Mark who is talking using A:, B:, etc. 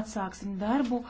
A: atsāksim darbu.